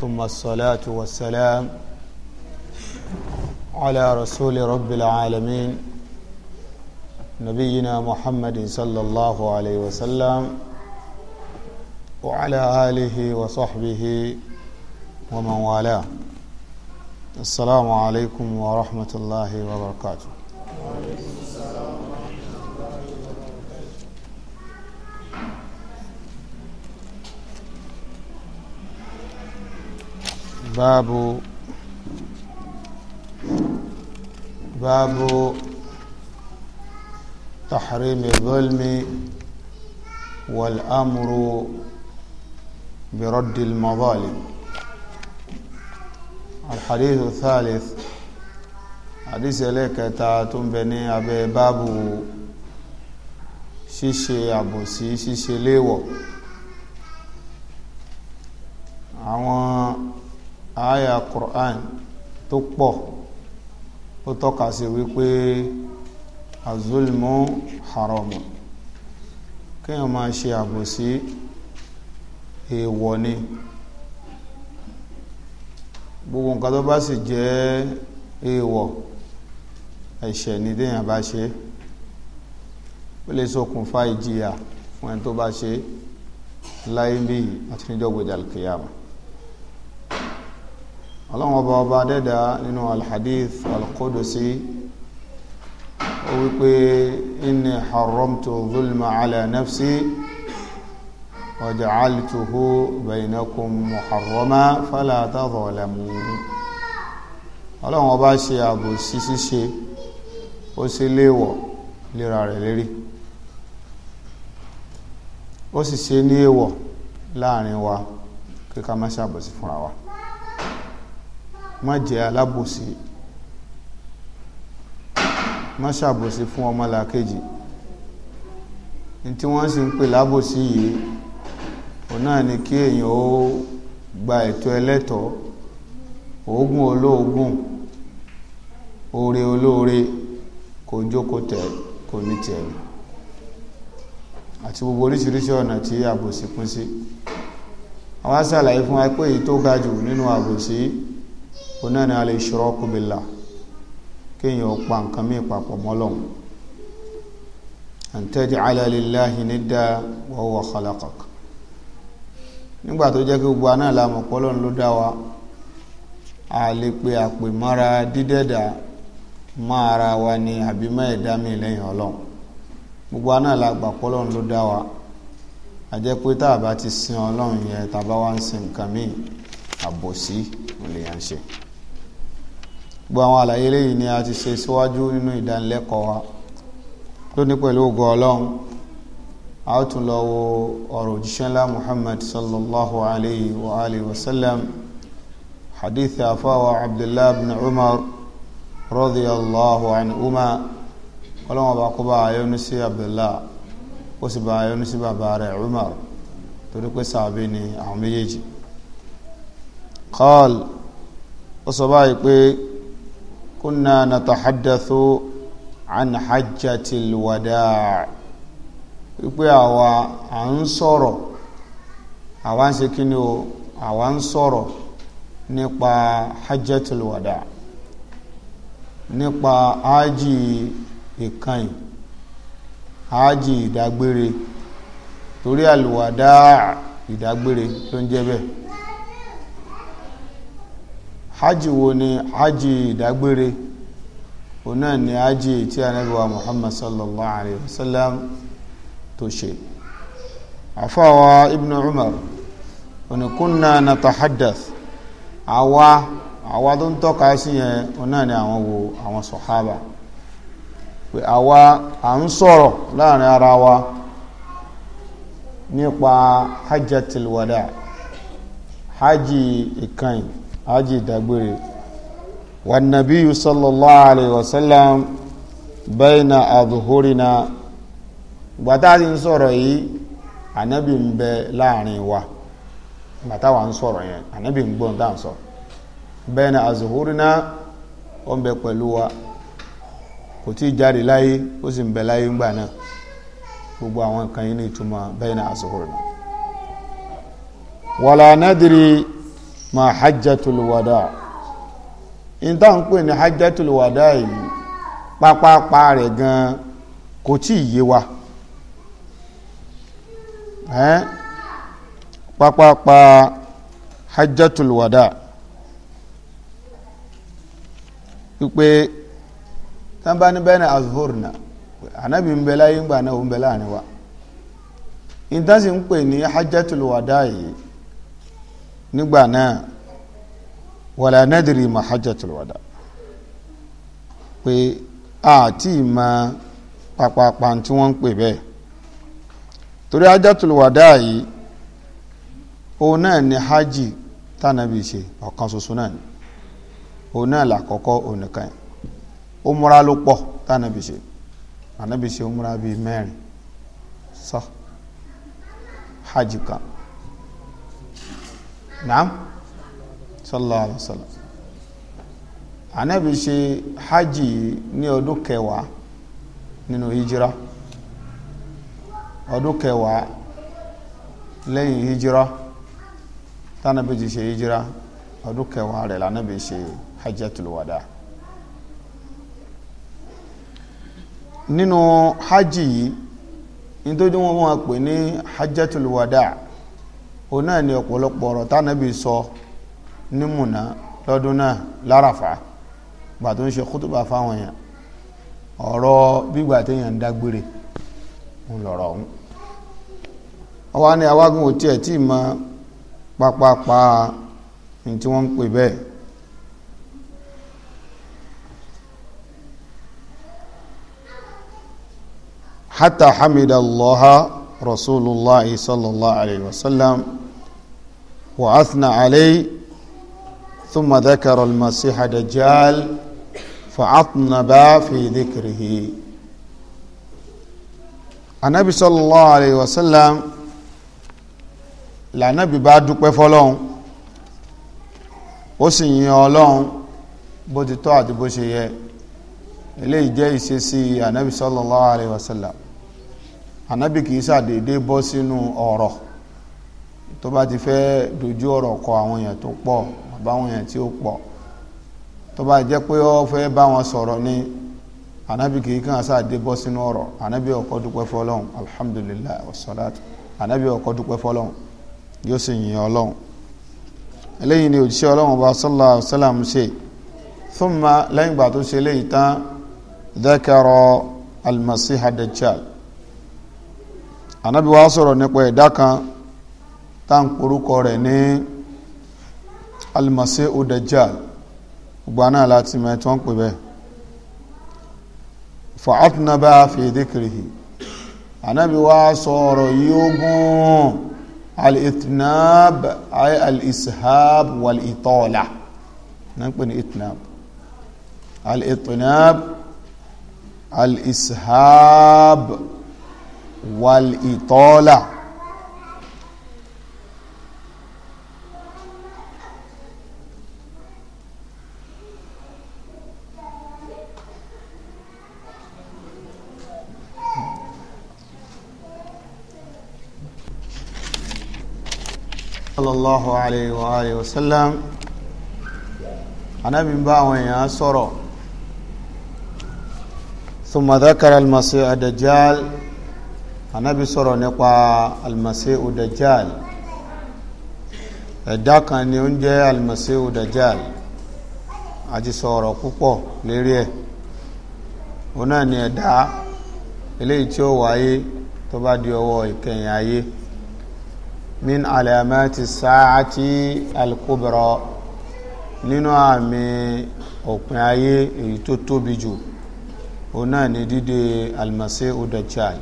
ثم الصلاة والسلام على رسول رب العالمين نبينا محمد صلى الله عليه وسلم وعلى آله وصحبه ومن والاه السلام عليكم ورحمة الله وبركاته باب باب تحريم الظلم والأمر برد المظالم الحديث الثالث حديث إليك تعاتم بني أبي باب شيشي أبو سي شيشي ليو àwọn Aya Qur'an tó pọ̀ ó tọ́ka sí wípé azulmu haramu kéèyàn máa ṣe àbòsí èèwọ̀ ni gbogbo nǹkan tó bá sì jẹ́ èèwọ̀ ẹ̀ṣẹ̀ ni déèyàn bá ṣe ó lè ṣokùnfà ìjìyà fún ẹni tó bá ṣe láyé bí àti níjọ́ gbèjà kìyàmù ọlọ́run ọba ọba dẹ́dà nínú alhadith alqudusi ó wípé inni haramtu zulma ala nafsi wa ja'altuhu bainakum muharrama fala tazalamu ọlọ́run ọba ṣe àbòsí ṣíṣe ó sì léèwọ̀ lera rẹ̀ lérí ó sì ṣe ní èèwọ̀ láàrin wa kí má ṣàbòsí fúnra wa má jẹ́ alábòsí má ṣàbòsí fún ọmọlàkejì ní tí wọ́n sì ń pè lábòsí yìí òun náà ni kí èèyàn ó gba ẹ̀tọ́ ẹlẹ́tọ̀ọ́ òógùn olóògùn oore olóore kò jókòó tẹ̀ kò ní tiẹ̀ lọ àti gbogbo oríṣiríṣi ọ̀nà tí àbòsí pín sí àwa ṣàlàyé fún wa pé èyí tó ga jù nínú àbòsí oná ni al-ishraku billah kéèyàn pa nǹkan mí papọ̀ mọ́lọ́hun an taj'ala lillahi nidda wa huwa khalaqak nígbà tó jẹ́ kí gbogbo aná làmọ̀ pọ́lọ́hun ló dá wa a lè pe àpè mọ́ra dídẹ́dà mọ́ ara wa ni àbí mọ́ ẹ̀dá mi lẹ́yìn ọlọ́run gbogbo aná la gbà ló dá wa a jẹ́ pé tá a bá ti sin ọlọ́run yẹn tá a bá wá ń sin nǹkan míì àbòsí ò lè yàn ṣe gbogbo àwọn àlàyé eléyìí ni a ti ṣe síwájú nínú ìdánilẹ́kọ̀ọ́ wa lónìí pẹ̀lú ògo ọlọ́run a ó tún lọ wo ọ̀rọ̀ òjíṣẹ́ ńlá muhammad sallallahu alayhi wa alayhi wa sallam hadith afawa abdullahi bin umar radiyallahu anhuma ọlọ́run ọba kó bá ayọ́nu sí abdullahi ó sì bá ayọ́nu sí bàbá rẹ̀ umar torí pé sàbí ni àwọn méjèèjì qal ó sọ báyìí pé كنا نتحدث عن حجة الوداع wípé àwa à ń sọ̀rọ̀ àwa ń ṣe kí ni o àwa ń sọ̀rọ̀ nípa hajjatul wada nípa ájì ìkànnì ájì ìdágbére torí àlùwàdá ìdágbére tó ń jẹ́ bẹ́ẹ̀ hajj wo ni hajj ìdágbére òun náà ni hajj tí ànábì wa muhammad sallallahu alayhi wa sallam tó ṣe àfọwọ́ ibn umar oníkúnna na tahadath àwa àwa tó ń tọ́ka sí yẹn òun náà ni àwọn wo àwọn sọ̀hábà pé àwa à ń sọ̀rọ̀ láàrin ara wa nípa hajjatil wada hajj ìkànnì ájì ìdágbére wà nàbí sallallahu alayhi wa sallam bayna adhhurina gbàtà ti ń sọ̀rọ̀ yìí ànábì ń bẹ láàrin wa gbàtà wà ń sọ̀rọ̀ yẹn ànábì ń gbọ́n dáhùn sọ bayna adhhurina ó ń bẹ wa kò tí ì jáde láyé ó sì ń bẹ láyé gbogbo àwọn nǹkan yìí ní ìtumọ̀ bayna adhhurina wala nadri ma hajjatul wada in ta n pè ní hajjatul wada yìí pápápá rẹ̀ gan kò tí ì yé wa ẹ́n pápápá hajjatul wada wípé tán bá ní bẹ́ẹ̀ ni azhurna ànábì ń bẹ láyé ń gbà náà ń bẹ láàrin wa in sì ń pè ní hajjatul wada yìí nígbà náà wàlá nadiri ma hajjatul wada pé àti ìmọ pàpàpà tí wọ́n ń pè bẹ́ẹ̀ torí hajjatul wada yìí òun náà ni hajj tánàbí ṣe ọ̀kan ṣoṣo náà ni òun náà làkọ́kọ́ òun nìkan yìí ó múra ló pọ̀ tánàbí ṣe ànábì ṣe ó múra bíi mẹ́rin sọ hajj kan. So, naam sallallahu alaihi wasallam anabi ṣe hajj ní ọdún kẹwàá nínú hijira ọdún kẹwàá lẹ́yìn hijira tánàbí ti ṣe hijira ọdún kẹwàá rẹ̀ lánàbí ṣe hajjatul wada nínú hajj yìí nítorí wọ́n wọ́n pè ní hajjatul wada' òun náà ni ọ̀pọ̀lọpọ̀ ọ̀rọ̀ tánàbí sọ ní múná lọ́dún náà láràfà gbà tó ń ṣe kútùbà fáwọn ọrọ ọ̀rọ̀ gbígbà téèyàn ń dágbére ń lọ̀rọ̀ ọ̀hún ọwá ní ẹ̀ tí pápápá رسول الله صلى الله عليه وسلم وأثنى عليه ثم ذكر المسيح دجال فعطنب في ذكره النبي صلى الله عليه وسلم lànàbí bá dúpẹ́ fọlọ́hún ó sì yin ọlọ́hun bó ti tọ́ àti bó ṣe yẹ eléyìí jẹ́ ìṣesí ànábì sallallahu alaihi wasallam ànábì kì í ṣàdédé bọ́ sínú ọ̀rọ̀ tó bá ti fẹ́ dojú ọ̀rọ̀ kọ àwọn èèyàn tó pọ̀ àbáwọn èèyàn tí ó pọ̀ tó bá jẹ́ pé ó fẹ́ bá wọn sọ̀rọ̀ ni ànábì kì í kàn ṣàdédé bọ́ sínú ọ̀rọ̀ ànábì ọkọ̀ dúpẹ́ fọlọ́hún alhamdulilayi wasalaatu ànábì ọkọ̀ dúpẹ́ fọlọ́hún yóò sì yìn ọlọ́hún eléyìí ni òjíṣẹ́ ọlọ́run ọba sọ́lá ọ̀sálàm ṣe thumma ṣe eléyìí ànábì wa sọ̀rọ̀ nípa ẹ̀dá kan tá à ń porúkọ rẹ̀ ní Al-Masihu Dajjal gbogbo àná láti mẹ́ tí wọ́n pè bẹ́ẹ̀ fa'atnaba fi dhikrihi ànábì wa sọ̀rọ̀ yìí ó al-itnab ay al-ishab wal-itola náà ń pè ní itnab al-itnab al-ishab. Al والإطالة صلى الله عليه وآله وسلم أنا من بعوين يا سورو ثم ذكر المسيح الدجال anabi sọ̀rọ̀ nípa almasihu dajjal ẹ̀dá kan ni ó ń jẹ́ almasihu dajjal a ti sọ̀rọ̀ púpọ̀ lérí ẹ̀ òun náà ni ẹ̀dá eléyìí tí ó wáyé tó bá di ọwọ́ ìkẹyìn ayé min alamati saati alkubra nínú àmì òpin ayé èyí tó tóbi jù òun náà ni dídé almasihu dajjal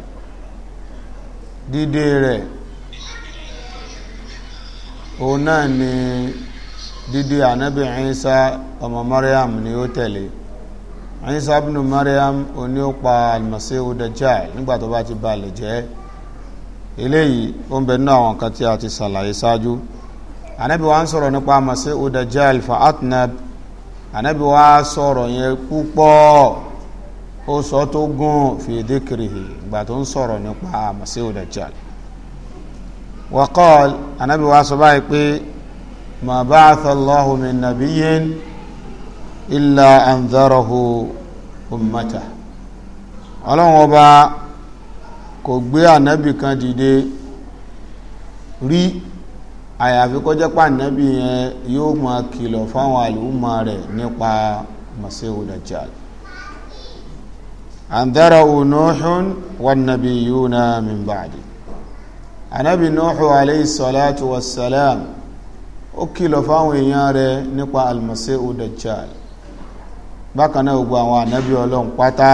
dídé rẹ̀ òun náà ni dídé ànábì Ìsá ọmọ Mariam ni ó tẹ̀lé Ìsá ibn Mariam òní ó pa almasihu dajjal nígbà tó bá ti balẹ̀ jẹ́ eléyìí ó ń bẹ nínú àwọn kan tí a ti ṣàlàyé ṣáájú ànábì wa ń sọ̀rọ̀ nípa almasihu dajjal fa atnab ànábì wa sọ̀rọ̀ yẹn púpọ̀ ó sọ tó gùn fi dhikrihi ìgbà tó ń sọ̀rọ̀ nípa Masihu Dajjal wa qala anábì wa sọ báyìí pé ma ba'atha Allahu min nabiyyin illa anzarahu ummatahu ọlọ́run ọba kò gbé ànábì kan dìde rí àyàfi kó jẹ́ pé ànábì yóò máa kìlọ̀ fáwọn àlùmọ́ rẹ̀ nípa Masihu Dajjal anzarahu nuuxun wannabiyuuna min bacdi anabi nuuxu alayhi salaatu wasalaam ó kìlọ̀ fáwọn èèyàn rẹ̀ nípa almasihu dajjal bákan náà gbogbo àwọn anabi ọlọ́run pátá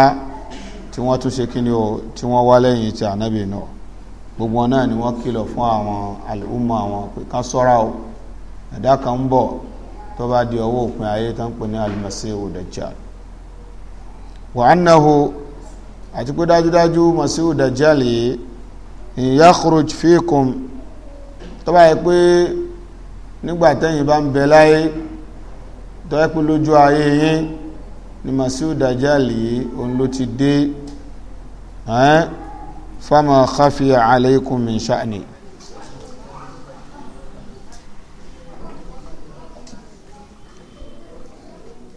tí wọ́n tún ṣe kíni o tí wọ́n wá lẹ́yìn ti anabi náà gbogbo náà ni wọ́n kìlọ̀ fún àwọn alùmọ̀ àwọn pé ká ṣọ́ra o ẹ̀dá kan ń bọ̀ tó bá di ọwọ́ òpin ayé tán pè ní almasihu dajjal wa annahu àti pé dájúdájú masihu dajjali in yakhruj fikum tó bá yẹ pé nígbà tẹ́yìn bá ń bẹ láyé tó yẹ pé lójú ayé yín ni masihu dajjali òun ló ti dé fama khafiya alaykum min sha'ni.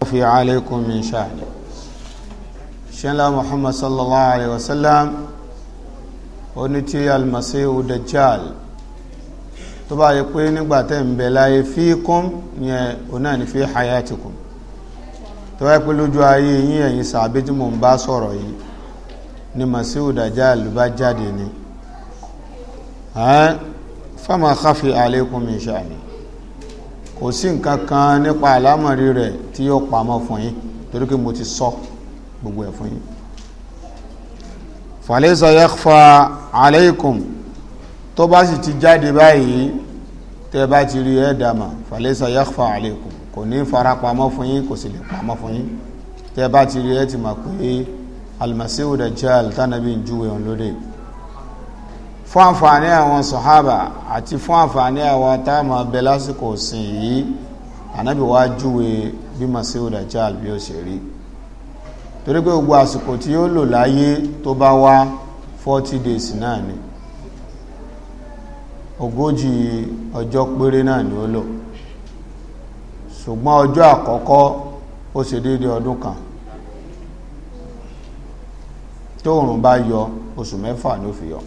fi alaykum min sha'ni ṣẹlá muhammad sallallahu alayhi wa sallam oní tí almasihu dajjal tó bá yẹ pé nígbà tẹ́ ń bẹ láyé fíkún yẹn oná ní fi hayatikum tó bá yẹ pé lójú ayé yín ẹ̀yin sàbí tí mò ń bá sọ̀rọ̀ yìí ni masihu dajjal bá jáde ni fama khafi alaykum min kò sí nǹkan kan nípa àlámọ̀rí rẹ̀ tí yóò pamọ́ fún yín torí pé mo ti sọ so gbogbo ẹ̀ fún yín falaysa yakhfa alaykum tó bá sì ti jáde báyìí tẹ́ bá ti rí ẹ̀ dàmà falaysa yakhfa alaykum kò ní fara pamọ́ fún yín kò sì lè pamọ́ fún yín tẹ́ bá ti rí ẹ̀ ti mà pé almasihu dajjal tánàbí ń júwe òun lóde fún àǹfààní àwọn sọ̀hábà àti fún àǹfààní àwọn táàmà bẹ lásìkò sìn yìí ànábì wá júwe bí masihu dajjal bí ó ṣe rí torí pé gbogbo àsìkò tí ó lò láyé tó bá wá 40 days náà ni ogójì ọjọ́ péré náà ni ó lò ṣùgbọ́n ọjọ́ àkọ́kọ́ ó ṣe déédé ọdún kan tóòrùn bá yọ oṣù mẹ́fà ló fi yọ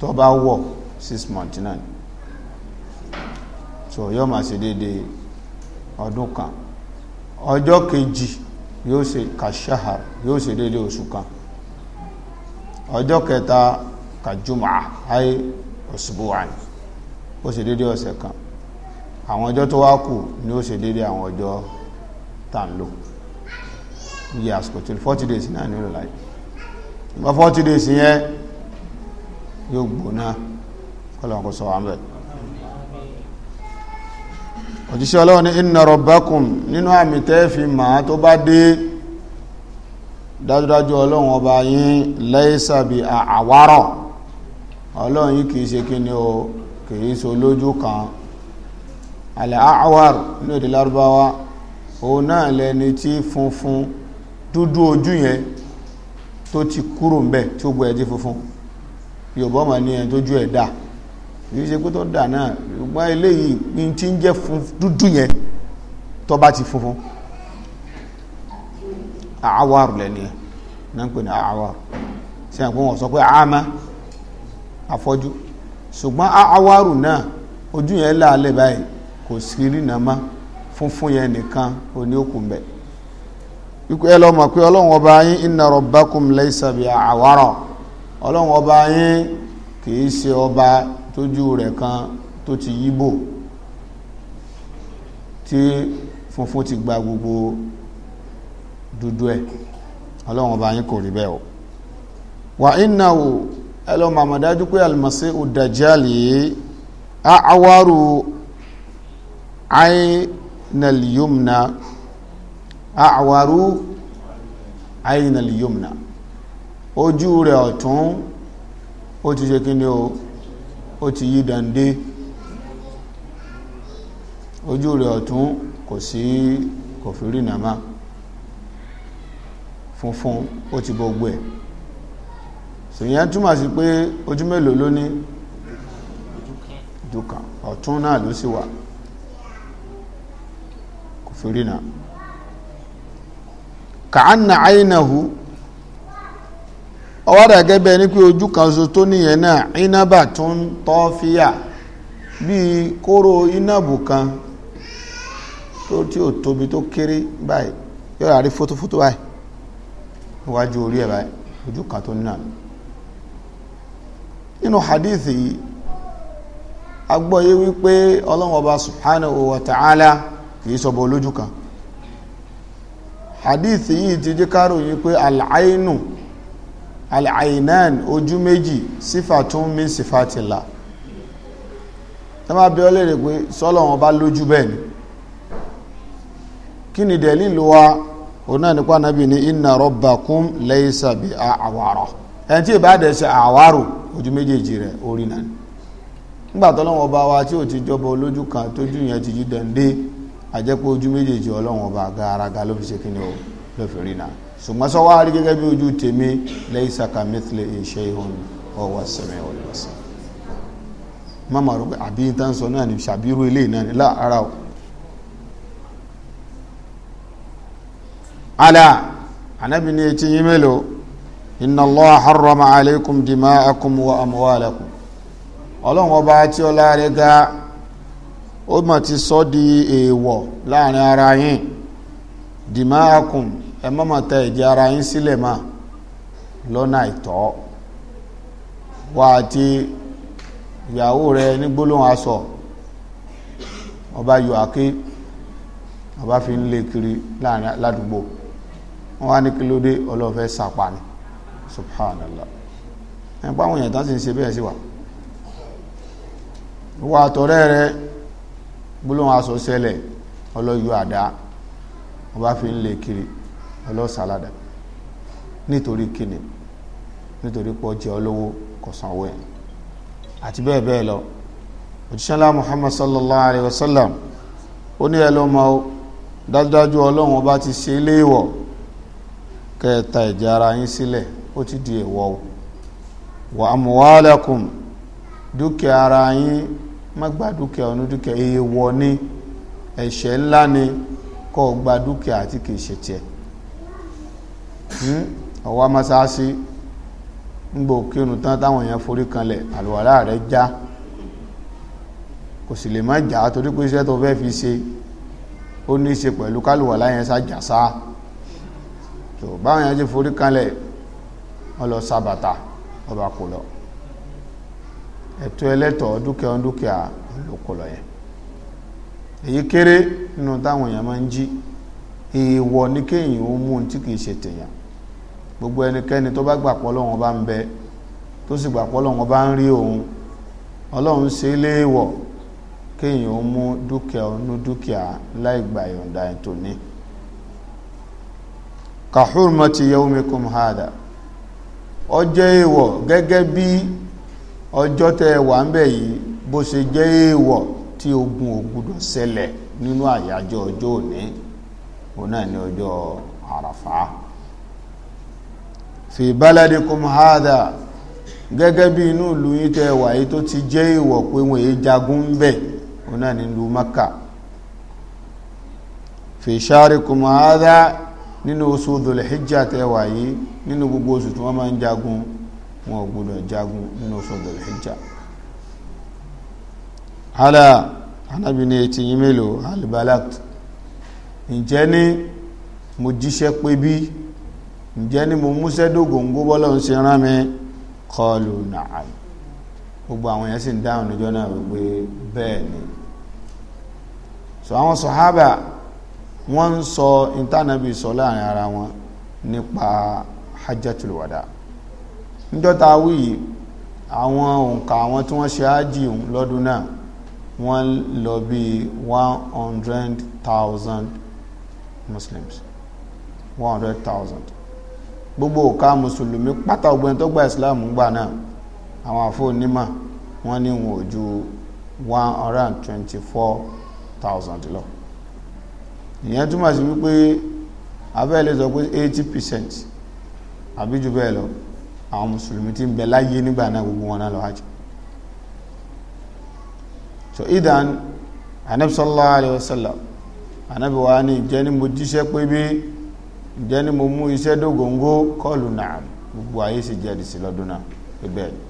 tó bá wọ̀ 6 months náà so yọ́ máa ṣe déédé ọdún kan ọjọ́ kejì yóò ṣe kàṣáhàr yóò ṣe déédéé oṣù kan ọjọ́ kẹta kàjúmọ̀ ayé ọ̀ṣùbùwàn ó ṣe déédéé ọ̀sẹ̀ kan àwọn ọjọ́ tó wá kù ni ó ṣe déédéé àwọn ọjọ́ tá ń lò iye àsìkò tí forty days náà nílò láyé ìgbà forty days yẹn yóò gbóná kọ́lọ̀ kó sọ wà ń bẹ̀rẹ̀ òjíṣẹ́ ọlọ́run ní inna rabbakum nínú àmì tẹ́ẹ̀fì màá tó bá dé dájúdájú ọlọ́run ọba yín laysa bi àwárọ̀ ọlọ́run yìí kìí ṣe kí ni o kìí ṣe olójú kan alẹ́ àwárọ̀ ní èdè lárúbáwá òun náà lẹni tí funfun dúdú ojú yẹn tó ti kúrò ń bẹ̀ tí gbọ́ ẹ̀ tí funfun yorùbá mà ní ẹni tójú ẹ̀ dáa kì í ṣe pé tó dà náà ṣùgbọ́n eléyìí ní ti ń jẹ́ dúdú yẹn tó bá ti funfun àwárù lẹ́ni ẹ̀ náà ń pè ní àwárù ṣe àpò wọn sọ pé àmà afọ́jú ṣùgbọ́n àwárù náà ojú yẹn láàlẹ̀ báyìí kò sí funfun yẹn nìkan oní òkú mbẹ ikú ẹ lọ pé ọlọ́run ọba yín inna rabbakum bi àwárọ̀ ọlọ́run ọba yín kì í ṣe ọba tójú rẹ̀ kan tó ti yíbò tí funfun ti gba gbogbo dúdú ẹ̀ ọlọ́run bá yín kò rí bẹ́ẹ̀ o wà iná o ẹlọ màmá dájú pé almasi udajali awaru ainal yumna awaru ojú rẹ̀ ọ̀tún ó ti ṣe kí ni o. ó ti yí dande ojú rẹ̀ ọ̀tún kò sí kò fi rí nàmá funfun ó ti bọ́ gbẹ̀ ṣèyàn túmọ̀ sí pé ojú mélòó ló ní dùkàn ọ̀tún náà ló sì wà kò fi rí nà kàánà àyínàhù ọwádà gẹ́gẹ́ ní pé ojú kan so tó níyẹn náà inábà tó ń tọ́ fíyà bí kóró inábù kan tó tí ò tóbi tó kéré báyìí yóò rárí fótófótó báyìí níwájú orí ẹ̀ báyìí ojú kan tó nínú yìí agbọ́yé wípé ọba subhanahu wa ta'ala kìí sọ bọ́ olójú kan hadith yìí ti jẹ́ pé al-ainan ojú méjì sífàtún min sífàtìlá ẹ máa bí ọlẹ́rè pé sọ́lọ́wọ́n bá lójú bẹ́ẹ̀ ni kí ni dẹ̀lí ló wa òun náà nípa náà bí ní inna rabbakum laysa bi àwárọ̀ ẹni tí ìbá dẹ̀ ṣe àwárò ojú méjèèjì rẹ̀ orí náà ni nígbà tọ́lọ́wọ́n bá wa tí ò ti jọba olójú kan tójú yẹn ti jí dẹ̀ ń dé àjẹpọ̀ ojú méjèèjì ọlọ́wọ́n bá gàràgà ló fi ṣe kí ni o ló fi rí náà ṣùgbọ́n sọ wá rí gẹ́gẹ́ bí ojú tèmi laysa kamithlihi shay'un wa huwa as-sami'ul basir mọ́mọ́ rẹ̀ pé àbí tá ń sọ náà ni ṣàbírú ilé náà ni láàárá o ala anabi ni etí yín mélòó inna Allaha harrama alaykum dima'akum wa amwalakum ọlọ́run ọba tí ọlá rẹ̀ ga ó mà ti sọ di èèwọ̀ láàrin ara yín dima'akum ẹ mọ́mọ́ tẹ ìjẹ́ ara yín sílẹ̀ mà lọ́nà àìtọ́ wá àti ìyàwó rẹ ní gbólóhùn aṣọ ọba yọ ọba fi ń lé kiri láàrin ládùúgbò wọn wá ní kí ló dé ọlọ́fẹ́ sàpàní subhanallah ẹ̀ pàwọn èèyàn tán sì ń ṣe bẹ́ẹ̀ sí wa wà àtọ̀rẹ́ rẹ gbólóhùn aṣọ ṣẹlẹ̀ ọlọ́yọ àdá ọba fi ń lé kiri ọlọ́sàládà nítorí kíni nítorí pọ̀ jẹ́ olówó kò sanwó ẹ̀ àti bẹ́ẹ̀ bẹ́ẹ̀ lọ òjíṣẹ́lá Muhammad sallallahu alayhi wa sallam ó ní ẹlọ́mọ dájúdájú ọlọ́run ọba ti ṣe léèwọ̀ kẹta ẹ̀jẹ̀ ara yín sílẹ̀ ó ti di èèwọ̀ o wà amúwálẹ́kùn dúkìá ara yín má gba dúkìá ọ̀nù dúkìá èèwọ̀ ni ẹ̀ṣẹ̀ ńlá ni kó gba dúkìá àti kìí ṣe tiẹ̀ Hmm? ọwọ́ amásáásí ń gbò kírun tán táwọn èèyàn forí kanlẹ̀ àlùwàlá rẹ̀ já kò sì lè má jà torí pé iṣẹ́ tó fẹ́ fi ṣe ó ní í ṣe pẹ̀lú kálùwàlá yẹn sá jà sá tó báwọn èèyàn ṣe forí kanlẹ̀ wọ́n lọ sábàtà ọba kò lọ ẹ̀tọ́ ẹlẹ́tọ̀ọ́ dúkìá dúkìá lóko lọ yẹn èyí kéré nínú táwọn èèyàn máa ń jí èèwọ̀ ní kéèyàn ó mú un tí kìí ṣe tèèyàn gbogbo ẹnikẹ́ni tó bá gbà Ọlọ́run bá ń bẹ tó sì Ọlọ́run bá ń rí òun Ọlọ́run ṣe léèwọ̀ kéèyàn ó mú dúkìá onú dúkìá láì gbà yọ̀ǹda ètò ní ka hurmati yawmikum hada jẹ́ èèwọ̀ gẹ́gẹ́ bí ọjọ́ tẹ wà ń yìí bó ṣe jẹ́ èèwọ̀ tí ogun fi baladikum hadha gẹ́gẹ́ bí inú ìlú yín tẹ́ wà yìí tó ti jẹ́ ìwọ̀ pé wọ́n èyí jagun ń bẹ̀ òun náà nílùú Makka fi sharikum hadha nínú oṣù Dhul-Hijjah tẹ́ wà yìí nínú gbogbo oṣù tí wọ́n máa ń jagun wọn gbọdọ̀ jagun nínú oṣù Dhul-Hijjah hala anábì ní etí yín mélòó hal balagt ǹjẹ́ mo jíṣẹ́ pé bí ǹjẹ́ ni mo múṣẹ́ dógóńgó bọ́lọ̀ ń ṣe rán mi kọlù nàám gbogbo àwọn yẹn sì ń dáhùn níjọ́ náà wípé bẹ́ẹ̀ ni sọ àwọn sọ̀hábà wọ́n ń sọ ìtànàbí sọ láàrin ara wọn nípa hajjatul wada níjọ́ta wíyí àwọn òǹkà àwọn tí wọ́n ṣe ájì lọ́dún náà wọ́n lọ bí 100,000 muslims 100,000 gbogbo òka mùsùlùmí pátá ọgbẹ́ni tó gba islam gbà náà àwọn àfọ̀nímọ̀ wọ́n ní wọn ò ju one hundred and twenty four thousand lọ ìyẹn túmọ̀ sí wípé abẹ́ lè sọ pé eighty percent àbí jù bẹ́ẹ̀ lọ àwọn mùsùlùmí ti ń bẹ láyé nígbà náà gbogbo wọn náà lọ hajj so idan anabi sallallahu alayhi wa sallam anabi wa ni jẹ́ ni mo jíṣẹ́ pé bí ǹjẹ́ ni mo mú iṣẹ́ dógóńgó kọlù náà gbogbo ayé sì jẹ́ ìdìsí lọ́dún náà bẹ́ẹ̀ ni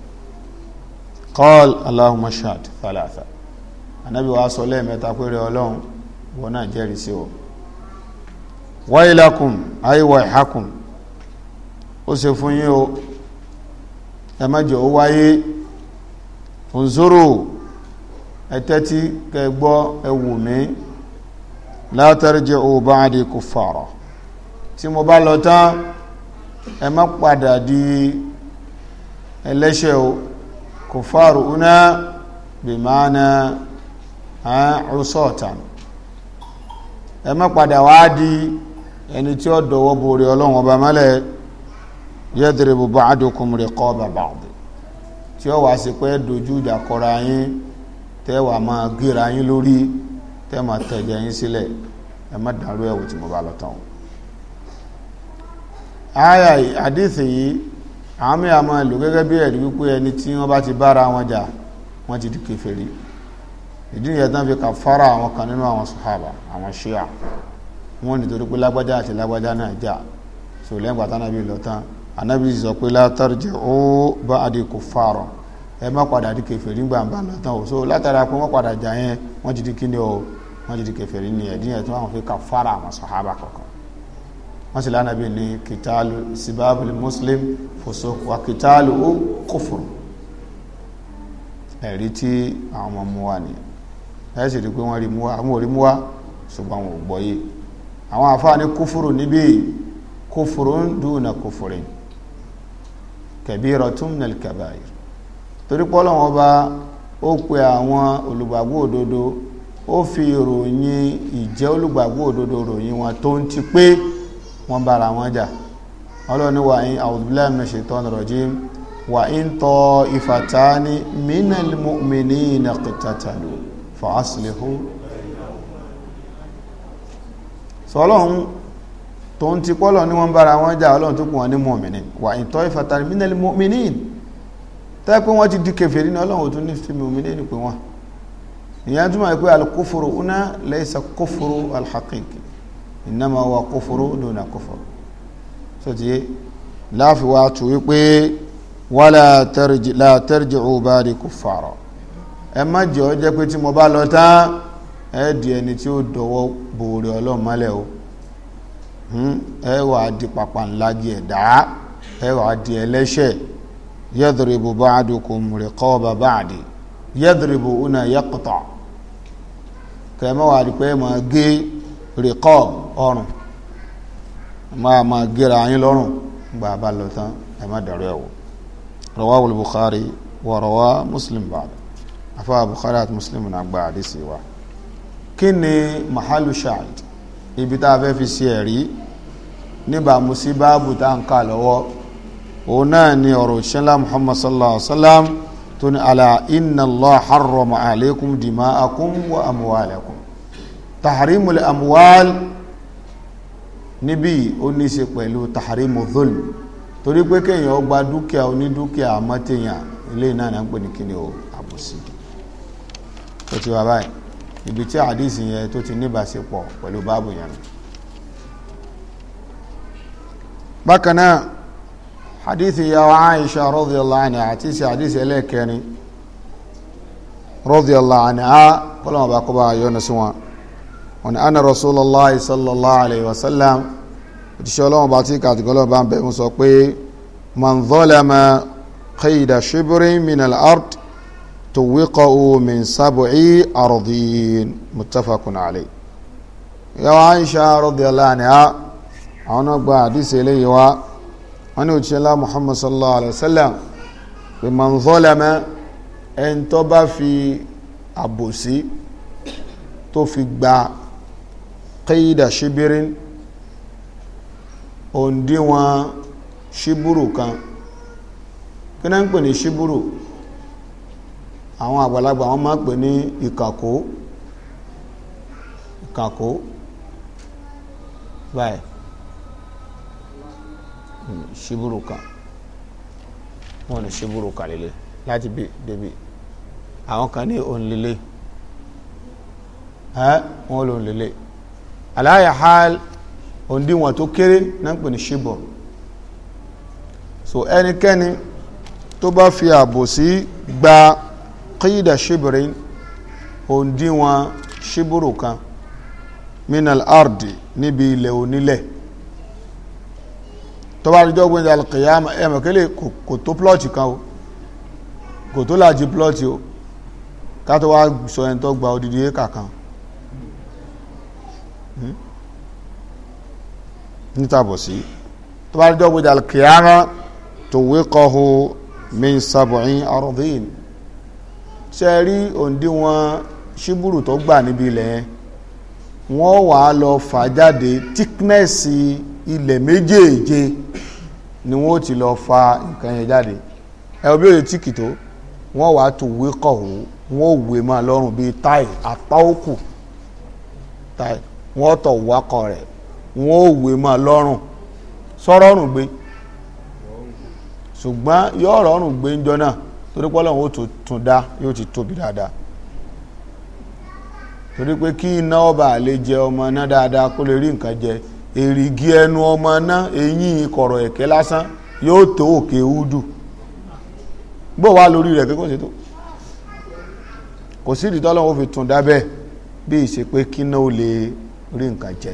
kọ́l Allahumma shahid thalatha anábì wa sọ lẹ́ẹ̀mẹ́ta péré ọlọ́run wọn náà jẹ́rìí sí o wailakum ay waihakum ó ṣe fún yín o ẹ má jẹ́ ó wáyé òǹzóró ẹ tẹ́tí kẹ́ gbọ́ ẹ wù mí la tarji'u ba'di kuffara tí mo bá lọ tán ẹ má padà di ẹlẹ́ṣẹ̀ o kò fàárù una bìmánà ọ̀sọ̀ọ̀tàn ẹ má padà wá di ẹni tí ó dọ̀wọ́ borí ọlọ́run ọba mọ́lẹ̀ yadribu ba'dukum riqaba ba'd tí ó wá sí pé dojú ìjà kọra yín tẹ́wà máa gíra yín lórí tẹ́ tẹ̀jẹ̀ yín sílẹ̀ ẹ má dàrú ẹ̀wò tí mo bá lọ tán o. àyà àdìsí yìí àmì àmọ́ ìlú gẹ́gẹ́ bí ẹ̀rí wípé ẹni tí wọ́n bá ti bára wọn jà wọ́n ti ìdí tán fi kà fara àwọn kan nínú àwọn àwọn ṣíà wọ́n nítorí pé lágbájá àti lágbájá náà jà so lẹ́yìn pàtàkì ànábì lọ tán ànábì sọ pé ó farọ ẹ má padà lọ tán o so látara pé wọ́n padà jà yẹn wọ́n ti fara àwọn wọ́n sì lánàbí ní kìtàlù sibabul muslim fòsókò wa kìtàlù ó kòfòrò ẹ̀rí tí àwọn ọmọ mú wa nìyẹn láyé sì rí pé wọ́n rí mú wa àwọn ò rí mú wa ṣùgbọ́n àwọn ò gbọ́yé àwọn àfáàní kófòrò níbí kófòrò ń dùnà kófòrò kabiratun minal kabair torí pọ́lọ́ wọn bá ó pe àwọn olùgbàgbọ́ òdodo ó fi ìròyìn ìjẹ́ olùgbàgbọ́ òdodo ròyìn wọn tó ń ti pé wọ́n bára wọn jà ọlọ́run ní wà in a'udhu billahi minash shaitanir rajim wà in ta'ifatani minal mu'minina iqtatalu fa aslihu sọlọ́run tó ń ti pọ́lọ̀ ní wọ́n bára wọn jà ọlọ́run tó kù wọn ní mu'minin wà in ta'ifatani minal mu'minin tẹ́ pé wọ́n ti di kèfèrí ní ọlọ́run tó ní fi mu'minin pé wọ́n ìyẹn túmọ̀ pé al una laysa kufru al innama huwa kufuru duna kufuru tó ti yé láàfin wa tù wípé wala tarji'u ba'di kuffara ẹ má jẹ́ ọ jẹ́ pé tí mo bá lọ tán ẹ di ẹni tí ó dọwọ́ bòòrè ọlọ́run mọ́lẹ̀ o hmm, ẹ wà á di pàpà ńlá di ẹ̀dá ẹ wà á di ẹlẹ́ṣẹ̀ yadribu ba'dukum riqaba ba'di yadribu una yaqta kẹ́mọ́ wà di pé ẹ máa rìkọ́ọ̀b ọrùn máa máa gíra yín lọ́rùn gbà bá lọ tán ẹ má dàrú ẹ̀ wò rọwá wọlé Bukhari wọ rọwá Muslim bàdà afáwà Bukhari àti Muslim náà gba àdìsí wa kí ni mahalu shahid ibi tá a fẹ́ fi ṣe ẹ̀rí níbàámu sí báàbù tá à kà lọ́wọ́ òun náà ni ọ̀rọ̀ ìṣẹ́lá muhammad sallallahu alaihi wa sallam tó ní ala inna allah harrama alaykum dima'akum wa amwalakum tahrimul amwal níbí ó ní ṣe pẹ̀lú tahrimu dhulm torí pé kéèyàn ó gba dúkìá onídúkìá àmọ́tẹ̀yàn ilé náà náà ń pè ní kíni o àbòsí tó ti wà báyìí ibi tí àdìsí yẹn tó ti níbàṣepọ̀ pẹ̀lú báàbù yẹn nù bákan náà hadithi ya wa aisha radiyallahu anha àti sí hadithi ẹlẹ́kẹrin radiyallahu anha kọ́lọ́mọba kọ́ba yọ́nà sí wọn ọ̀nà anna Rasulullah sallallahu alayhi wa sallam òtíṣẹ́ ọlọ́run bá tí kàtìkọ́lọ́ bá ń bẹ̀ mú sọ pé man zalama qayda shibrin min al-ard tuwiqa'u min sab'i ardin muttafaqun alayhi yàwó Aisha radiyallahu anha àwọn náà gba àdìsẹ́ eléyìí wá wọn ní òtíṣẹ́ lá Muhammad sallallahu alayhi wa sallam man zalama ẹni tó bá fi àbòsí tó fi gba qaida shibirin ondiwa shiburu kan kí náà ń pè ní ṣíbúrù àwọn àgbàlagbà wọn máa ń pè ní ìkàkó ìkàkó báyìí hmm, ṣíbúrù kan wọn ní ṣíbúrù kan lélẹ̀ láti bí débi àwọn kan ní òǹlélẹ̀ ẹ wọn lòǹlélẹ̀ aláyà hal òǹdíwọ̀n tó kéré náà ń pè ní ṣíbọ̀ so ẹnikẹ́ni tó bá fi àbòsí gba kíyìdà ṣíbìrín òǹdíwọ̀n ṣíbùrù kan minal ardi níbi ilẹ̀ onílẹ̀ tó bá ríjọ́ gbẹ́ndà alkiyama ẹ̀mọ̀kẹ́lẹ̀ kò tó plọ́ọ̀tì kan o kò tó láti plọ́ọ̀tì o ká tó wá sọ ẹni tó gba odidi éka Hmm? nítàbọ̀sí tó bá dọ́jọ́ gbé dàlkìyàmá tó wé kọ́hu min sab'in ardin ṣe rí òǹdíwọ̀n ṣíbùrù tó gbà níbi ilẹ̀ yẹn wọ́n wà á lọ fà jáde tíknẹ́sì ilẹ̀ méjèèje ni wọ́n ti lọ fa nǹkan yẹn jáde ẹ ò bí òye tíkì tó wọ́n wà á tó wé kọ̀hu wọ́n wé máa lọ́rùn bíi táì àpá òkú táì wọ́n tọ̀ wákọ̀ rẹ̀ wọ́n ò wé lọ́rùn sọ́rọ́ gbé ṣùgbọ́n yóò rọrùn gbé ń torí ti tóbi dáadáa torí pé kí ọba lè jẹ ọmọ náà dáadáa kó lè rí nǹkan jẹ èrìgì ẹnu ọmọ eyín lásán yóò tó òkè údù wá lórí fi tún dábẹ́ bí ìṣe pé kí rí nǹkan jẹ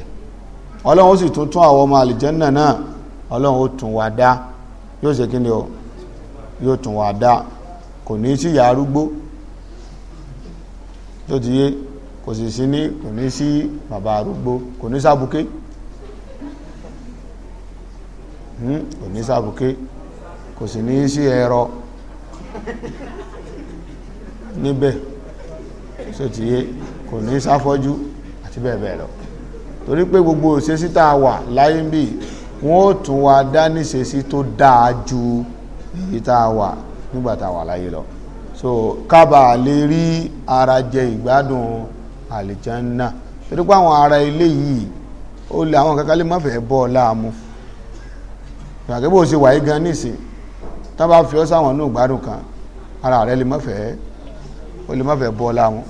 ọlọ́run ó sì tún tún àwọn ọmọ àlìjẹ́nà náà ọlọ́run ó tún wá dá yóò ṣe kí ni o yóò tún wá dá kò ní sí ìyá arúgbó tó ti yé kò sì sí ní kò ní sí bàbá arúgbó kò ní sábùké hmm, kò ní sábùké kò sì ní sí ẹ̀rọ níbẹ̀ tó ti yé kò ní sáfọ́jú àti bẹ́ẹ̀ bẹ́ẹ̀ lọ torí pé gbogbo òṣèṣí tá a wà láyé ń bì wọ́n ó tún wa dá níṣèṣí tó dáa ju èyí tá a wà nígbà tá a wà láyé lọ so kábà lè rí ara jẹ ìgbádùn àlìjánná torí pé àwọn ara ilé yìí ó lè àwọn kankan lè má fẹ́ bọ́ ọ láàmú ìgbàgbé bó ṣe wàyí gan nísìn tá bá fi ọ́ sáwọn inú ìgbádùn kan ara rẹ lè má fẹ́ ó lè má fẹ́ bọ́ ọ láàmú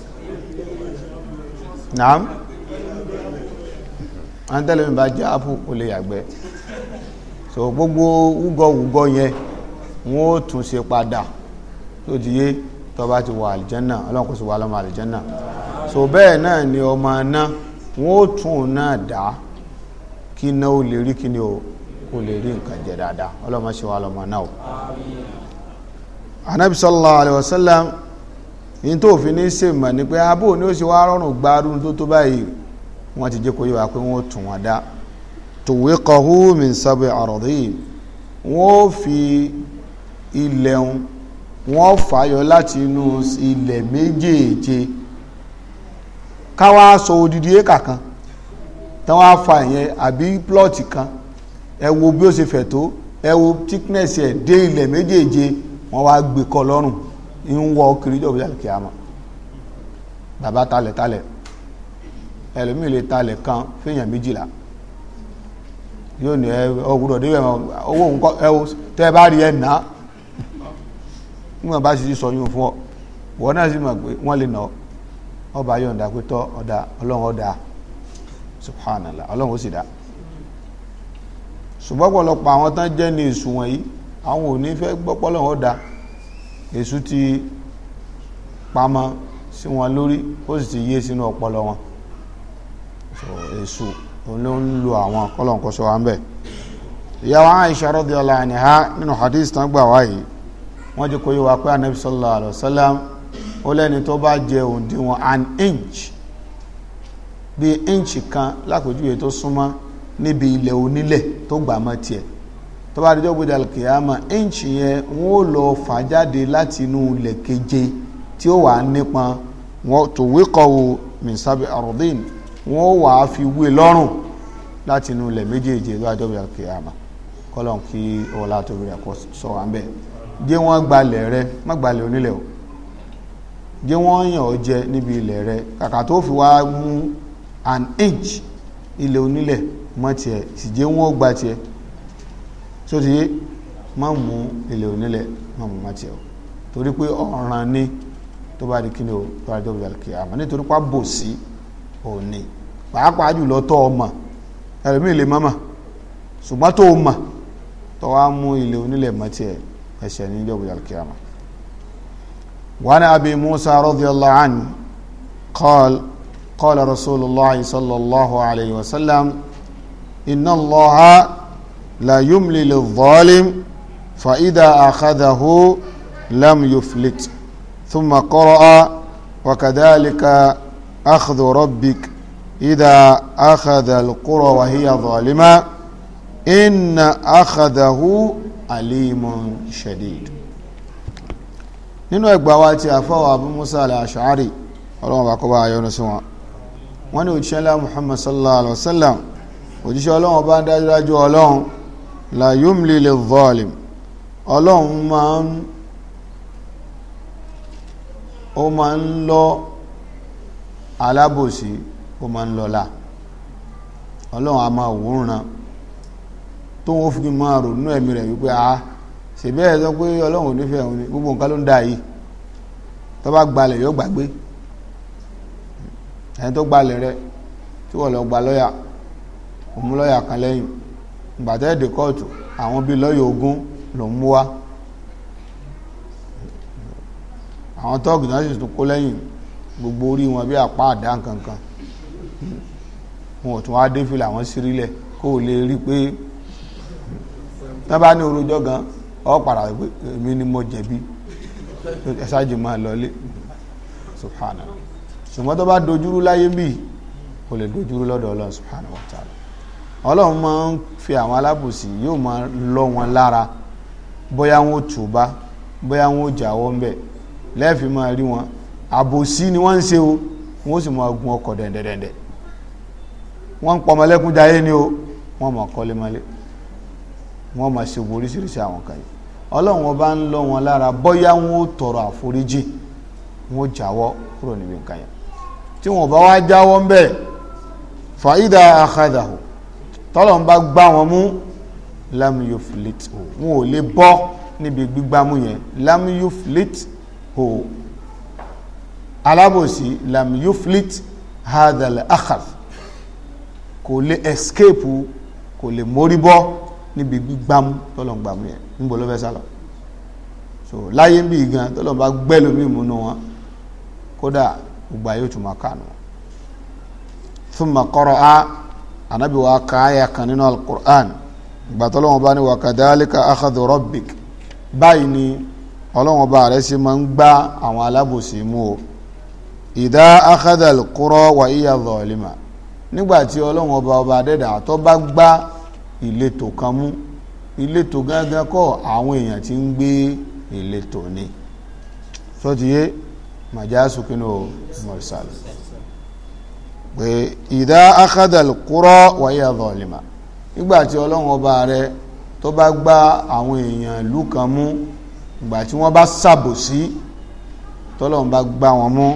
àwọn tẹ́lẹ̀ mi bá jẹ ápù ó lè yàgbẹ́ so gbogbo wúgọwúgọ yẹn wọn ó tún ṣe padà tó ti yé tọba ti wà àlìjẹ́nà ọlọ́run kò wà lọ́mọ àlìjẹ́nà so bẹ́ẹ̀ náà ni ọmọ iná wọn ó tún náà dá kí iná ó lè rí kí ni o kò lè rí nǹkan jẹ dáadáa ọlọ́mọ ṣe wà lọ́mọ náà o. anabi sallallahu alayhi wa sallam yìí tó fi ní sèmọ̀ ni pé abó ni ó ṣe wá rọrùn gbárùn tó tó báyìí wọ́n ti jẹ́ kó yíwa pé wọ́n tún wọn dá tuwiqahu min sab'i aradin wọ́n fi ilẹ̀un wọ́n fàyọ láti inú ilẹ̀ méjèèje káwá sọ odidi éka kan tán wá fa ìyẹn àbí plọ́ọ̀tì kan ẹ wo bí ó ṣe fẹ̀ tó ẹ wo thickness ẹ̀ dé ilẹ̀ méjèèje wọ́n wá gbé kọ́ lọ́rùn ń wọ́ kiri jọ̀bí àlùkìyàmọ̀ bàbá talẹ̀ talẹ̀ ẹlòmíì lè talẹ̀ kan fẹ́yàn méjìlá yóò ní ọgbùdọ̀ dé owó nǹkan ẹwọ tẹ́ bá rí ẹ̀nà níwọ̀n bá sì sọ yún fún ọ wọ́n náà sì mọ̀ pé wọ́n lè nà ọba yọ̀ǹda pé tọ́ ọ̀dà ọlọ́run ọ̀dà subhanallah ọlọ́run ó sì dá ṣùgbọ́n ọ̀pọ̀lọpọ̀ àwọn tán jẹ́ ní èṣù wọ̀nyí àwọn ò ní fẹ́ gbọ́pọ̀ ọlọ́run ọ̀dà èṣù ti pamọ́ sí wọn lórí ó sì ti yé sínú ọpọlọ wọn èṣù ló ń lo àwọn kọ́lọ̀kọ́ṣọ́ wa ń bẹ̀ ìyàwó Aisha radiyallahu anha nínú hadith tán gbà wáyé wọ́n jẹ́ kó yí wa pé anabi sallallahu alayhi wa sallam ó lẹ́ni tó bá jẹ òǹdíwọ̀n an inch bí inch kan lápèjúwe tó súnmọ́ níbi ilẹ̀ onílẹ̀ tó gbà mọ́ tiẹ̀ tó bá dijọ́ gbé dàlù kìyàmà inch yẹn wọ́n ó lọ fà jáde láti inú ilẹ̀ keje tí ó wà nípọn wọ́n tó wíkọ̀ wo min sábẹ́ ọ̀rọ̀dín wọn wà á fi wé lọ́rùn láti inú ilẹ̀ méjèèjì ló àjọbí àkèyàmà kọ́lọ̀ kí ọlá sọ ń bẹ̀ jẹ́ wọ́n gbalẹ̀ o jẹ́ wọ́n yàn ọ́ jẹ níbi ilẹ̀ rẹ kàkà tó fi wá mú an inch ilẹ̀ onílẹ̀ mọ́ tiẹ̀ sì jẹ́ wọ́n gba tiẹ̀ tó ti yé má mú ilẹ̀ onílẹ̀ o torí pé ni tó bá di kí o tó bá di Si òní pàápàá jùlọ tọ́ ọmọ ẹlòmí ilé mọ́mọ́ ṣùgbọ́n tó o mọ̀ tó wá mú ilé onílẹ̀ mọ́tì ẹ̀ ẹ̀ṣẹ̀ ní ìjọba alkiyama wani abi musa radiyallahu anhu qala qala rasulullah sallallahu alayhi wa sallam inna allaha la yumli lil zalim fa idha lam yuflit thumma qara'a wa kadhalika أخذ ربك إذا أخذ القرى وهي ظالمة إن أخذه عليم شديد nínú ẹgbà wa ti àfọwọ́ Abu Musa al-Ash'ari ọlọ́run bá kó bá ayọ́nu sí wọn wọ́n ní òjíṣẹ́ ńlá Muhammad sallallahu alaihi wa sallam òjíṣẹ́ ọlọ́run bá ń dájúdájú ọlọ́run la yumli lil-zalim ọlọ́run máa ń lọ alábòsí ó máa ń lọ́lá ọlọ́run a máa wòran tó wọ́n fi máa rò nínú ẹ̀mí rẹ̀ wípé a ṣe bẹ́ẹ̀ sọ pé ọlọ́run ò nífẹ̀ẹ́ òun ni gbogbo nǹkan ló ń dà yìí tó bá gbalẹ̀ yóò gbàgbé ẹni tó gbalẹ̀ rẹ tí wọ́n lọ gba lọ́yà òun lọ́yà kan lẹ́yìn gbàtẹ́ èdè kóòtù àwọn bíi lọ́yà ogún ló ń mú wá àwọn tọ́ọ̀gì náà sì tún kó lẹ́yìn gbogbo orí wọn bí apá àdá kankan wọn ò tún wá dé fìlà wọn sírílẹ̀ kó o lè rí pé tán bá ní orojọ́ gan ọ padà pé èmi ni mo jẹ̀bi ẹ ṣáàjì máa lọlé subhana ṣùgbọ́n tó bá dojúrú láyé bí kò lè dojúrú lọ́dọ̀ ọlọ́run subhana wa ta'ala ọlọ́run máa ń fi àwọn alábòsí yóò máa lọ wọn lára bóyá wọn ò tùbá bóyá wọn ò jáwọ́ ń bẹ̀ lẹ́ẹ̀fì máa rí wọn àbòsí ni wọ́n ń ṣe o wọ́n sì máa gun ọkọ̀ dẹ̀ndẹ̀dẹ̀ndẹ̀ wọ́n ń pọmọlẹ́kún jayé ni o wọ́n máa kọ́lé mọ́lé wọ́n máa ṣe wo oríṣiríṣi àwọn kan yìí ọlọ́run ọba ń lọ wọn lára bóyá wọn ó tọrọ àforíjì wọn ó jáwọ́ kúrò níbi nǹkan yẹn tí wọn bá wá jáwọ́ ń bẹ̀ fàídà àkàdàhù tọ́lọ̀ ń bá gbá wọn mú lámúyòfìlìtì wọn ò lè bọ́ níbi gbígbámú yẹn lámúyòfìlìtì alábòsí lam yuflit hadal akhaf kò lè escape kò lè mórí bọ́ níbi gbígbámú tọ́lọ̀ gbàmú yẹn níbo ló fẹ́ sálọ so láyé ń bí gan tọ́lọ̀ bá gbẹ́lómi múnú wọn kódà gbogbo ayé òtún máa kànú thumma qara'a anabi wa ka aya kan nínú al-Qur'an ìgbà tọ́lọ̀ wọn bá ní wa rabbik báyìí ni ọlọ́wọ́n bá rẹ̀ ṣe máa ń gbá àwọn alábòsí mú o ìdá akadàl kúrọ́ wà íyà zọ̀ọ̀lìmà nígbàtí ọlọ́run ọba ọba adẹ́dà tó bá gbá ìletò kan mú ìletò gángan kọ́ àwọn èèyàn tí ń gbé ìletò ni sọ́tìyé màjásù kínú mọ̀sálù pé ìdá akadàl kúrọ́ wà íyà zọ̀ọ̀lìmà nígbàtí ọlọ́run ọba rẹ tó bá gbá àwọn èèyàn ìlú kan mú ìgbà wọ́n bá ṣàbòsí tọ́lọ́run bá gbá wọn mú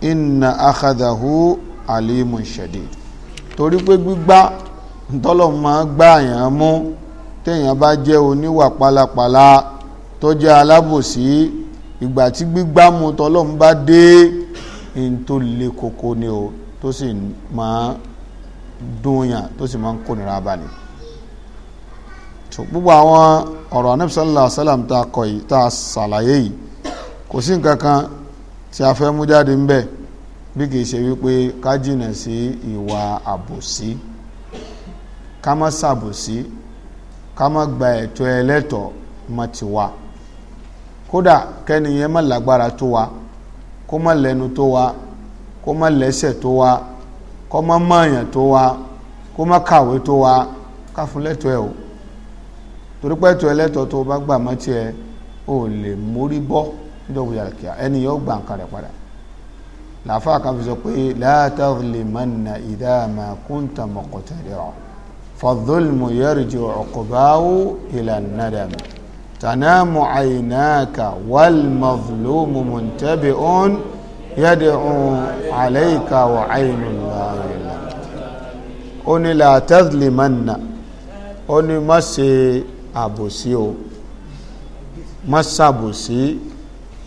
inna akhadahu alimun shadid torí pé gbígbá tọ́lọ̀ máa gbá àyàn mú téèyàn bá jẹ́ oníwà pálapàla tó jẹ́ alábòsí ìgbà tí gbígbá mú tọ́lọ̀ ń bá dé in tó le koko ni o tó sì máa dúnyàn tó sì máa ń kó nira bá ni gbogbo àwọn ọ̀rọ̀ anábìsọ́lá sálàm tá a kọ̀ yìí tá a ṣàlàyé yìí kò sí nǹkan kan tí a fẹ́ mú jáde ń bẹ̀ bí kìí ṣe wípé ká jìnà sí ìwà àbòsí ká má ṣàbòsí ká má gba ẹ̀tọ́ ẹlẹ́tọ̀ọ́ mọ́ ti wa kódà kẹ́niyẹn má lágbára tó wa kó má lẹ́nu tó wa kó má lẹ́sẹ̀ tó wa kó má mọ̀ọ̀yàn tó wa kó má kàwé tó wa ká fún lẹ́tọ̀ọ́ ẹ̀ o torí pé ẹ̀tọ́ ẹlẹ́tọ̀ọ́ tó o bá gbà mọ́ tiẹ̀ o lè mórí bọ́ níjọba yàrá kíá ẹni yóò gba nǹkan rẹ̀ padà làáfà kan fi sọ pé látàlí mọ́nà ìdáàmà kúńtà mọ̀kọ̀tẹ̀rẹ̀ fọdúlmù yẹrìjì ọ̀kọ̀báwò ìlànàdàmì tànàmù àyìnáka wàlmọ̀flómù mọ̀ntẹ́bì ọ́n yẹ́dẹ̀ọ́n àlẹ́yìká wà àyìnlá ó ní látàlí mọ́nà ó ní má ṣe àbòsí o má ṣàbòsí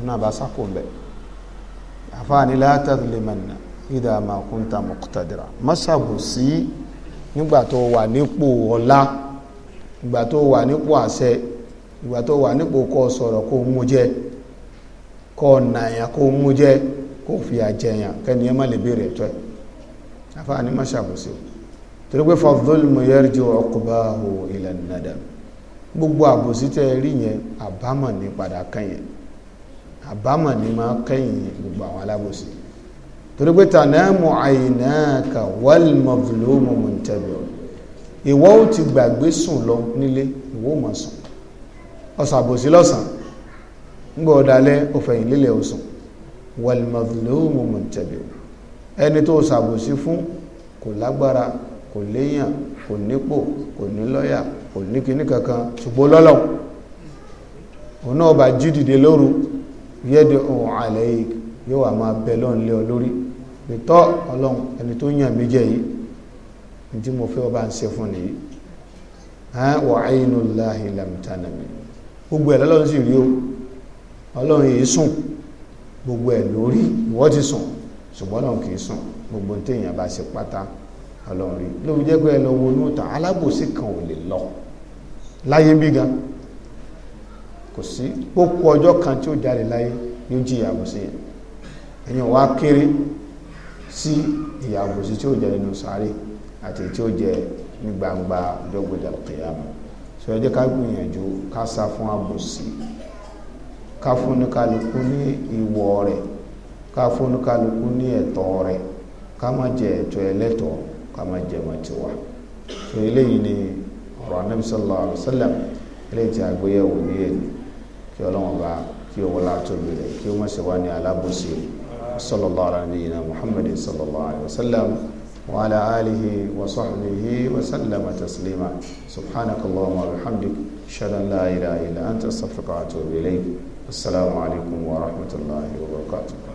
nínú àbáṣá kò ń bẹ àfáàní la tadhlimanna idha ma kunta muqtadira mọ́sàbù sí nígbà tó wà nípò ọlá ìgbà tó wà nípò àṣẹ ìgbà tó wà nípò kó sọ̀rọ̀ kó mú jẹ kó nàyàn kó mú jẹ kó fìyà jẹyàn kẹ́ni ẹ má lè béèrè ẹ̀tọ́ ẹ̀ àfáàní mọ́sàbù sí torí pé fadhulmu yarju uqbahu ila nadam gbogbo àbòsí tẹ́ rí yẹn àbámọ̀ ní padà kàn yẹn àbámọ̀ ni máa kẹ́yìn gbogbo àwọn alábòsí torí pé tànáàmù àìnáàkà wàlmọ̀vlómù mọ̀ntẹ́bìọ̀ ìwọ ó ti gbàgbé sùn lọ nílé ìwọ ó máa sùn ọ̀sán àbòsí lọ́sàn ńgbọ́ ọ̀dàlẹ́ òfẹ̀yìn lílẹ̀ òsùn wàlmọ̀vlómù mọ̀ntẹ́bìọ̀ ẹni tó ṣàbòsí fún kò lágbára kò léyàn kò nípò kò ní lọ́yà kò ní kíní kankan ṣùgbọ́n lọ́lọ́ òun náà bá jí lóru yẹ́dẹ̀ ohun àlẹ́ yìí yóò wà máa bẹ lọ́n lé ọ lórí nítọ́ ọlọ́run ẹni tó yàn mí jẹ́ yìí ní tí mo fẹ́ ọba ń ṣe fún nìyí wà áyínú láàyè làmìtánà mi gbogbo ẹ̀ lọ́lọ́run sì rí o ọlọ́run yìí sùn gbogbo ẹ̀ lórí ìwọ ti sùn ṣùgbọ́n ọlọ́run kì í sùn gbogbo téèyàn bá ṣe pátá ọlọ́run rí lóbi jẹ́ pé ẹ lọ wo núùtà alábòsí kan ò lè lọ láyé bí gan-an kò sí gbókù ọjọ́ kan tí ó jáde láyé yóò jí ìyàwó sí ẹ̀yàn wá kéré sí ìyàwó sí tí ó jẹ nínú sáré àti tí ó jẹ ní gbangba ọjọ́ gbọdọ̀ kìyàmù sọ ẹ jẹ́ ká gbìyànjú ká sá fún àbòsí ká fúnikálukú ní ìwọ rẹ̀ ká fúnikálukú ní ẹ̀tọ́ rẹ̀ ká má jẹ ẹ̀tọ́ ẹlẹ́tọ̀ọ́ ká má jẹ màtíwá sọ eléyìí ni ọ̀rọ̀ anábìsọ́lá ọ̀rọ̀ sẹ́lẹ̀m ní èyí kí ọlọ́wọ́n bá kí o wọlé àtòbí rẹ̀ kí o má ṣe wá ní alábòsí sallallahu alaihi muhammad sallallahu alaihi wa sallam wa ala alihi wa sahbihi wa sallama taslima subhanakallahumma wa bihamdik shada la ilaha illa anta astaghfiruka wa atubu ilayk assalamu alaikum wa rahmatullahi wa barakatuh